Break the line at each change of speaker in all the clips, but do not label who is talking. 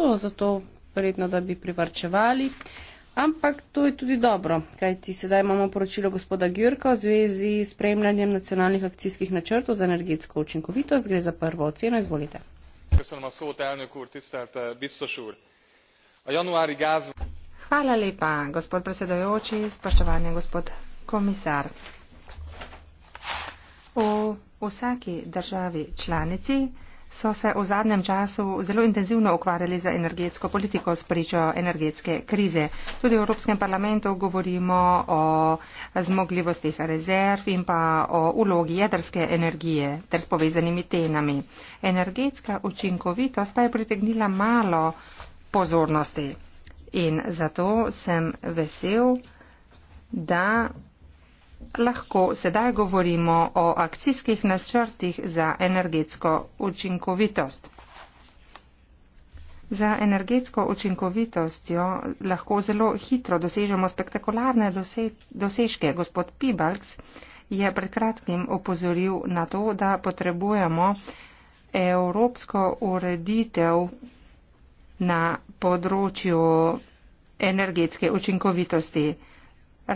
to, zato vredno, da bi privarčevali. Ampak to je tudi dobro, kajti sedaj imamo poročilo gospoda Gjurka v zvezi s spremljanjem nacionalnih akcijskih načrtov
za energetsko učinkovitost. Gre za prvo oceno, izvolite. Eh, Hvala lepa, gospod predsedojoči, spoštovani gospod komisar. V vsaki državi članici so se v zadnjem času zelo intenzivno ukvarjali za energetsko politiko s pričo energetske krize. Tudi v Evropskem parlamentu govorimo o zmogljivostih rezerv in pa o ulogi jedrske energije ter s povezanimi temami. Energetska učinkovitost pa je pritegnila malo pozornosti in zato sem vesel, da lahko sedaj govorimo o akcijskih načrtih za energetsko učinkovitost. Za energetsko učinkovitostjo lahko zelo hitro dosežemo spektakularne dosežke. Gospod Pibalks je pred kratkim opozoril na to, da potrebujemo evropsko ureditev na področju energetske učinkovitosti.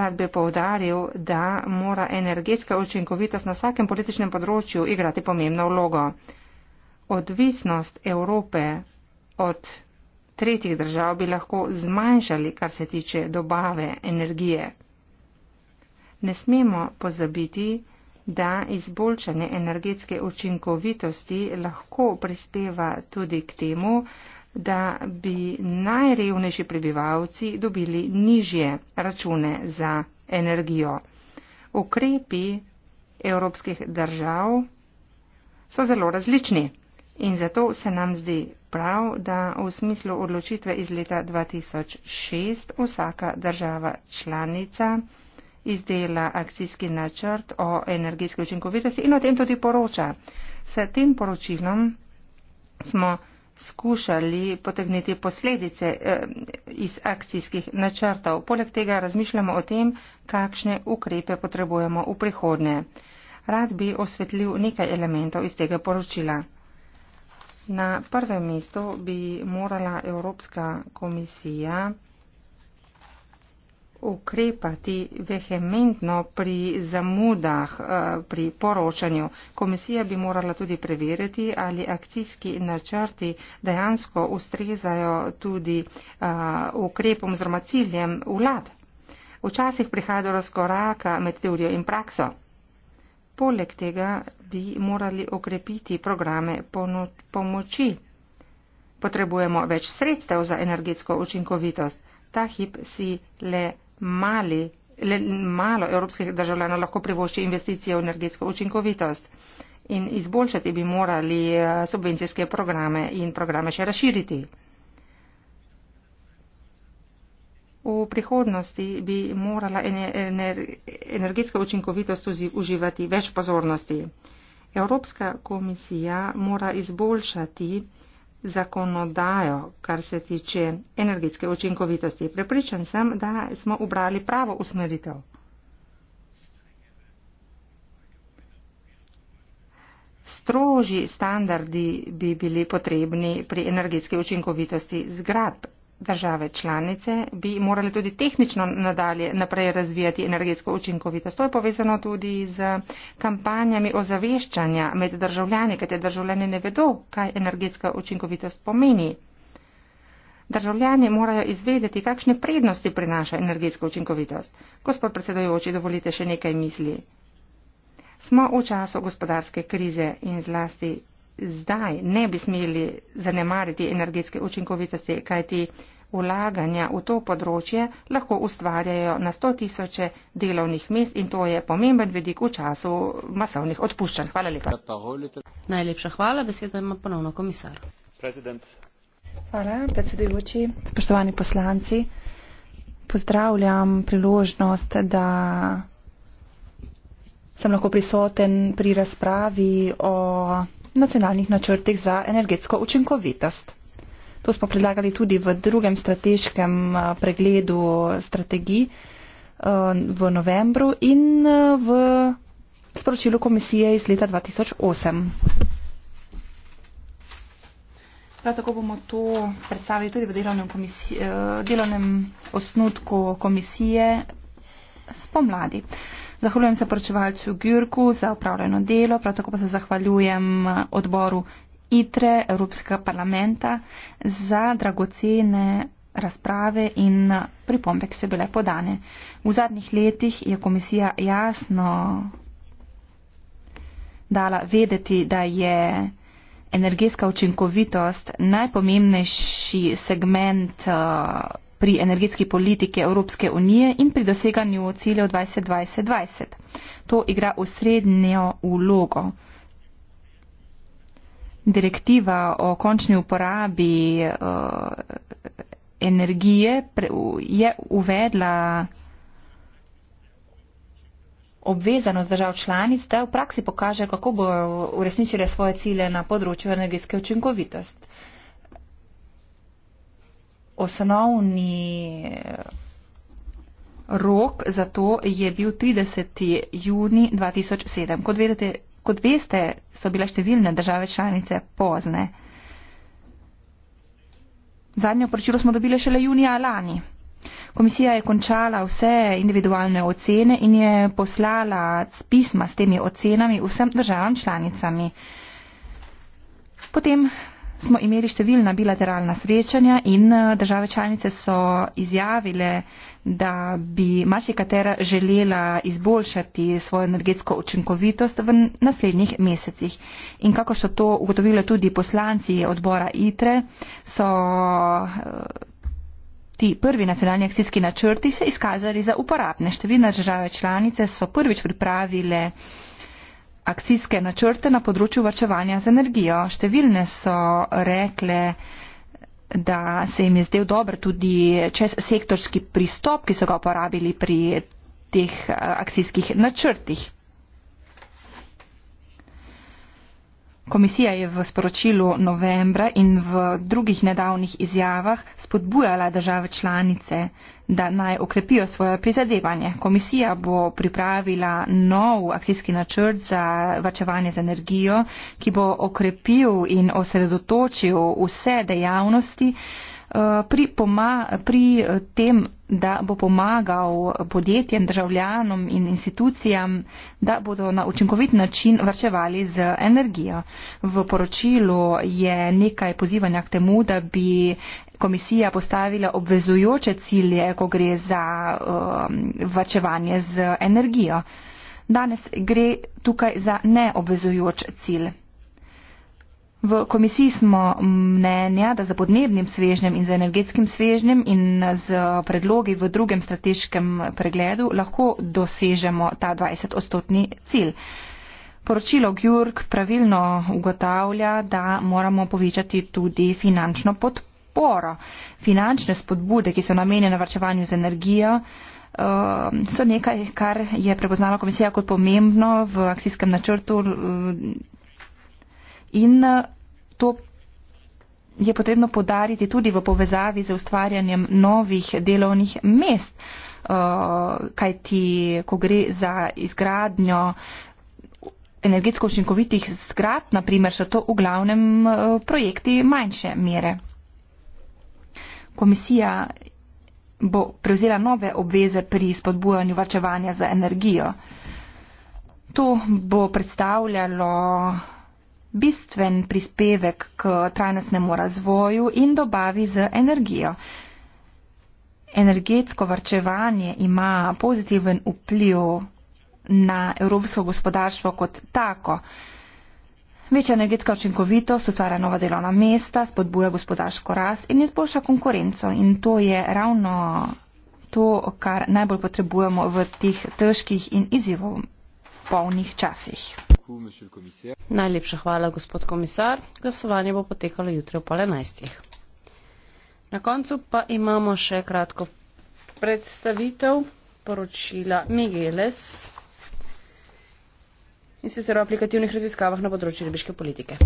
Rad bi povdaril, da mora energetska učinkovitost na vsakem političnem področju igrati pomembno vlogo. Odvisnost Evrope od tretjih držav bi lahko zmanjšali, kar se tiče dobave energije. Ne smemo pozabiti, da izboljšanje energetske učinkovitosti lahko prispeva tudi k temu, da bi najrevnejši prebivalci dobili nižje račune za energijo. Ukrepi evropskih držav so zelo različni in zato se nam zdi prav, da v smislu odločitve iz leta 2006 vsaka država članica izdela akcijski načrt o energetski učinkovitosti in o tem tudi poroča. S tem poročilom smo skušali potegniti posledice eh, iz akcijskih načrtov. Poleg tega razmišljamo o tem, kakšne ukrepe potrebujemo v prihodnje. Rad bi osvetlil nekaj elementov iz tega poročila. Na prvem mestu bi morala Evropska komisija ukrepati vehementno pri zamudah eh, pri poročanju. Komisija bi morala tudi preveriti, ali akcijski načrti dejansko ustrezajo tudi eh, ukrepom oziroma ciljem vlad. Včasih prihaja do razkoraka med teorijo in prakso. Poleg tega bi morali okrepiti programe pomoči. Potrebujemo več sredstev za energetsko učinkovitost ta hip si le mali, le malo evropskih državljanov lahko privošči investicije v energetsko učinkovitost. In izboljšati bi morali eh, subvencijske programe in programe še razširiti. V prihodnosti bi morala energetska učinkovitost uživati več pozornosti. Evropska komisija mora izboljšati zakonodajo, kar se tiče energetske učinkovitosti. Prepričan sem, da smo ubrali pravo usmeritev. Stroži standardi bi bili potrebni pri energetske učinkovitosti zgradb države članice bi morali tudi tehnično nadalje naprej razvijati energetsko učinkovitost. To je povezano tudi z kampanjami ozaveščanja med državljani, ker te državljani ne vedo, kaj energetska učinkovitost pomeni. Državljani morajo izvedeti, kakšne prednosti prinaša energetska učinkovitost. Gospod predsedojoči, dovolite še nekaj misli. Smo v času gospodarske krize in zlasti zdaj ne bi smeli zanemariti energetske učinkovitosti, kajti ulaganja v to področje lahko ustvarjajo na sto tisoče delovnih mest in to je pomemben vidik v času masovnih odpuščanj. Hvala lepa. Najlepša hvala, beseda ima ponovno komisar.
President. Hvala, predsedujoči, spoštovani poslanci. Pozdravljam priložnost, da sem lahko prisoten pri razpravi o nacionalnih načrtih za energetsko učinkovitost. To smo predlagali tudi v drugem strateškem eh, pregledu strategij eh, v novembru in eh, v sporočilu komisije iz leta 2008. Prav tako bomo to predstavili tudi v delovnem, komisije, delovnem osnutku komisije spomladi. Zahvaljujem se poročevalcu Gürku za upravljeno delo, prav tako pa se zahvaljujem odboru ITRE Evropskega parlamenta za dragocene razprave in pripombe, ki so bile podane. V zadnjih letih je komisija jasno dala vedeti, da je energetska učinkovitost najpomembnejši segment uh, pri energetski politiki Evropske unije in pri doseganju ciljev 2020. To igra osrednjo vlogo. Direktiva o končni uporabi uh, energije pre, je uvedla obvezanost držav članic, da v praksi pokaže, kako bo uresničile svoje cilje na področju energetske učinkovitosti osnovni eh, rok za to je bil 30. juni 2007. Kot, vedete, kot veste, so bile številne države članice pozne. Zadnjo poročilo smo dobili šele junija lani. Komisija je končala vse individualne ocene in je poslala pisma s temi ocenami vsem državam članicami. Potem smo imeli številna bilateralna srečanja in eh, države članice so izjavile, da bi marsikatera želela izboljšati svojo energetsko učinkovitost v naslednjih mesecih. In kako so to ugotovile tudi poslanci odbora ITRE, so eh, ti prvi nacionalni akcijski načrti se izkazali za uporabne. Številne države članice so prvič pripravile akcijske načrte na področju vrčevanja z energijo. Številne so rekle, da se jim je zdel dober tudi čez sektorski pristop, ki so ga uporabili pri teh eh, akcijskih načrtih. Komisija je v sporočilu novembra in v drugih nedavnih izjavah spodbujala države članice, da naj okrepijo svoje prizadevanje. Komisija bo pripravila nov akcijski načrt za vačevanje z energijo, ki bo okrepil in osredotočil vse dejavnosti, Eh, pri, poma, pri eh, tem, da bo pomagal podjetjem, državljanom in institucijam, da bodo na učinkovit način vrčevali z energijo. V poročilu je nekaj pozivanja k temu, da bi komisija postavila obvezujoče cilje, ko gre za uh, eh, vrčevanje z energijo. Danes gre tukaj za neobvezujoč cilj. V komisiji smo mnenja, da za podnebnim svežnjem in za energetskim svežnjem in z predlogi v drugem strateškem pregledu lahko dosežemo ta 20 odstotni cilj. Poročilo Gjurk pravilno ugotavlja, da moramo povečati tudi finančno podporo. Finančne spodbude, ki so namenjene vrčevanju z energijo, eh, so nekaj, kar je prepoznala komisija kot pomembno v akcijskem načrtu. Eh, in To je potrebno podariti tudi v povezavi z ustvarjanjem novih delovnih mest, eh, kaj ti, ko gre za izgradnjo energetsko učinkovitih zgrad, naprimer, so to v glavnem eh, projekti manjše mere. Komisija bo prevzela nove obveze pri spodbujanju vrčevanja za energijo. To bo predstavljalo bistven prispevek k trajnostnemu razvoju in dobavi z energijo. Energetsko varčevanje ima pozitiven vpliv na evropsko gospodarstvo kot tako. Večja energetska učinkovitost ustvarja nova delovna mesta, spodbuja gospodarsko rast in izboljša konkurenco. In to je ravno to, kar najbolj potrebujemo v teh težkih in izjivov polnih časih. Najlepša hvala, gospod komisar. Glasovanje bo potekalo jutri ob 11. Na koncu pa imamo še kratko predstavitev poročila Migeles in sicer o aplikativnih raziskavah na
področju ribiške politike.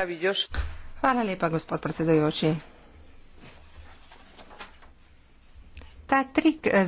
Hvala lepa, gospod predsedajoči. Ta trik z eh,